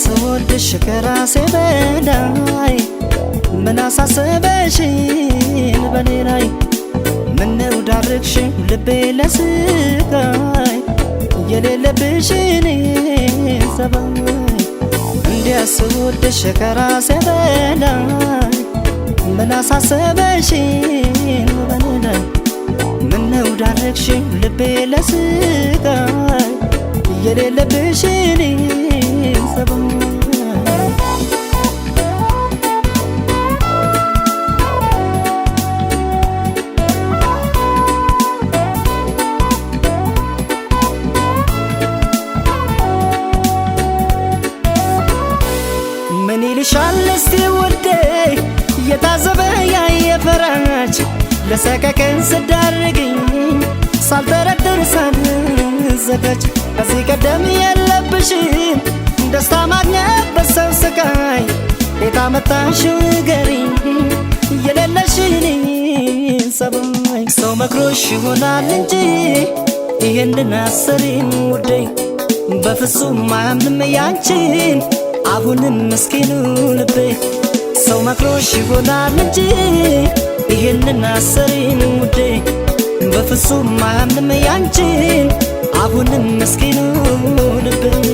ስወድሽ ከራሴ በላይ ምን አሳሰበሽን በኔ ላይ ምነው ዳርግሽው ልቤ ለስቃይ የሌለብሽን ጸባይ እንዲያ ስወድሽ ከራሴ በላይ ምን አሳሰበሽን በኔ ላይ ምነው ዳርግሽው ልቤ ለስቃይ የሌለብሽን ምን ይልሻል እስቲ ውዴ የታዘበ ያየ ፈራች ለሰቀቀን ስዳርግኝ ሳልተረድር ሳልዘጋጅ ከዚህ ቀደም የለብሽን ደስታ ማግኘት በሰው ስቃይ ቤታ መታሽ ንገሪኝ የሌለሽን ሰብይ ሰው መክሮሽ ይሆናል እንጂ ይህንን አስሪም ውዴ በፍጹም አያምንም ያንቺን አሁንም ምስኪኑ ልቤ ሰው መክሮሽ ይሆናል እንጂ ይሄንን አሰሪን ውዴ በፍጹም አያምንም ያንቺን አሁንም ምስኪኑ ልቤ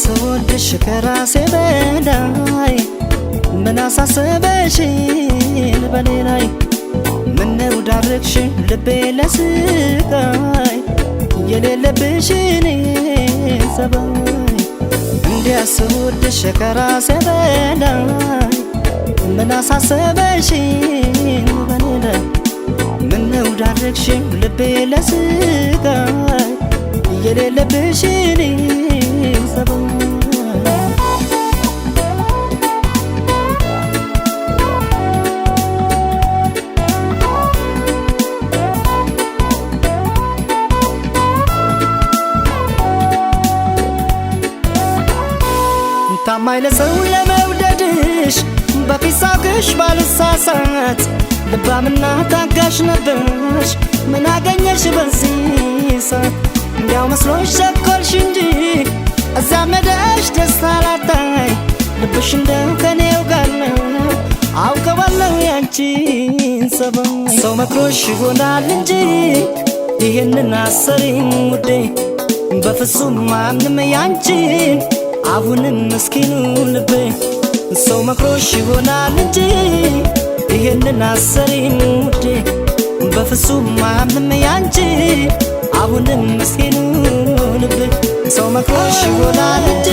ስወድሽ ከራሴ በላይ ምን አሳሰበሽን በኔ ላይ ምነው ዳረግሽ ልቤ ለስቃይ የሌለብሽን ሰባይ እንዲያ ስወድሽ ከራሴ በላይ ምን አሳሰበሽን በኔ ላይ ምነው ዳረግሽን ልቤ ለስቃይ የሌለብሽን ሰባይ አይነት ሰው ለመውደድሽ በፊት ሳቅሽ ባልሳሳት ልባምና ታጋሽ ነበርሽ። ምን አገኘሽ በዚህ ሰዓት? እንዲያው መስሎሽ ሰኮልሽ እንጂ እዛ መደሽ ደስታ ላታይ ልብሽ እንደው ከኔው ጋር ነው አውቀዋለሁ ያንቺን ሰው መክሮሽ ይሆናል እንጂ ይህንን አሰሪም ውዴ በፍጹም ማንም ያንቺን አሁንም ምስኪኑ ልቤ ሰው መክሮሽ ይሆናል እንጂ ይሄንን አሰሪን ውዴ በፍጹም አያምንም ያንቺ አሁንም ምስኪኑ ልቤ ሰው መክሮሽ ይሆናል እንጂ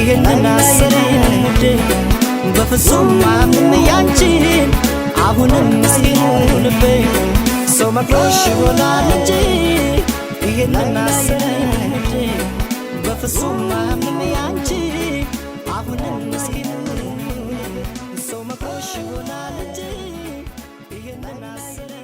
ይሄንን አሰሪን ውዴ በፍጹም አያምንም ያንቺ አሁንም ምስኪኑ ልቤ ሰው መክሮሽ ይሆናል እንጂ ይሄንን አሰሪን ውዴ በፍጹም Nice.